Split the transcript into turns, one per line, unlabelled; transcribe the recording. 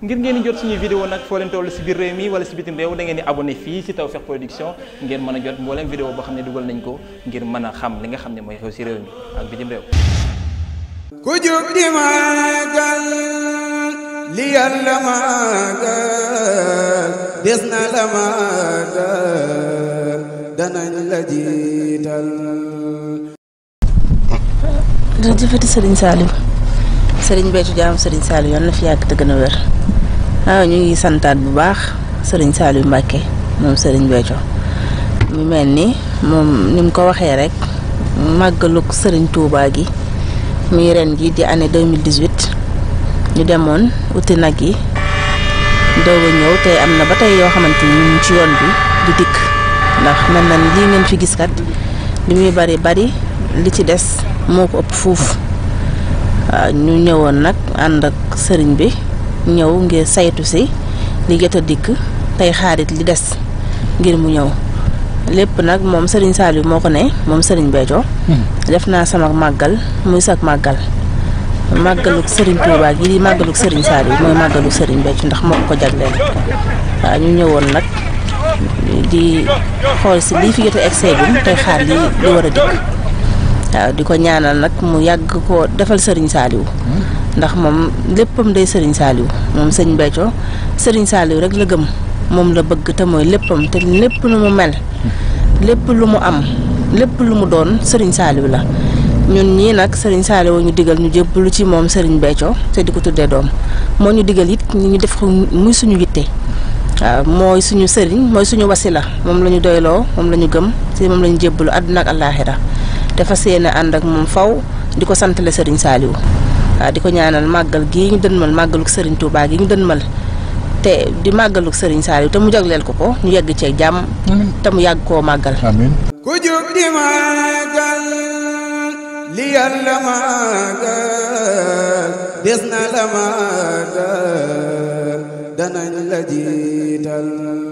ngir ngeen jot suñuy vidéo nag foo leen toll si biir réew mi wala si bitim réew da ngeen di abonné fii si Tawfekh Production ngeen mën a jot mbooleem vidéo boo xam ne dugal nañ ko ngir mën a xam li nga xam ne mooy xew si réew mi
li yàlla maagal des na la maagal danañ la jiital.
jërëjëfati sëriñ Béthio Diame sëriñ Saliou yal na fi yàgg te gën a wér waaw ñu ngi santaat bu baax sëriñ Saliou Mbacke moom sëriñ Béthio mu mel ni moom ni mu ko waxee rek màggalug sëriñ Touba gi muy ren gi di année deux mille dix-huit ñu demoon uti nag yi doog ñëw te am na ba tey yoo xamante ni ñu ci yoon bi di dikk ndax mel na lii ngeen fi gis kat li muy bari bari li ci des moo ko ëpp fuuf. Euh, ñu ñëwoon nag ànd ak sëriñ bi ñëw ngir saytu si li jot a dikk tey xaarit li des ngir mu ñëw lépp nag moom sëriñ Saliou moo ko ne moom sëriñ Béthio hmm. def naa sama màggal muy sag màggal màggaluk sëriñ Touba gi di màggaluk sëriñ Saliou mooy màggaluk sëriñ Béthio ndax moo ko jagleel waa ñu ñëwoon nag di xool si lii fi jot a egg tey xaar li li war a dikk waaw di ko ñaanal nag mu yàgg ko defal sëriñ saaliw ndax moom léppam day sëriñ saaliw moom sëñ Béthio sëriñ saaliw rek la gëm moom la bëgg te mooy léppam te lépp lu mu lépp lu mu am lépp lu mu doon sëriñ saaliw la ñun ñii nag sëriñ saaliw ñu digal ñu lu ci moom sëriñ Béthio te di ko tuddee doom moo ñu digal it ñu def ko muy suñu yitte waaw mooy suñu sëriñ mooy suñu la moom la ñu doyloo moom la ñu gëm te moom la ñu jébbalu àdduna ak àllaaxira te fas ànd ak moom faw di ko santale sëriñ Saliou waaw di ko ñaanal màggal gii ñu dënmal màggaluk Serigne Touba gi ñu dënmal te di màggaluk sëriñ Saliou te mu jagleel ko ko ñu yegg ci jàmm. te mu yàgg koo màggal. amiin
ku jóg di màggal li yàlla màggal des na la màggal danañ la jiital.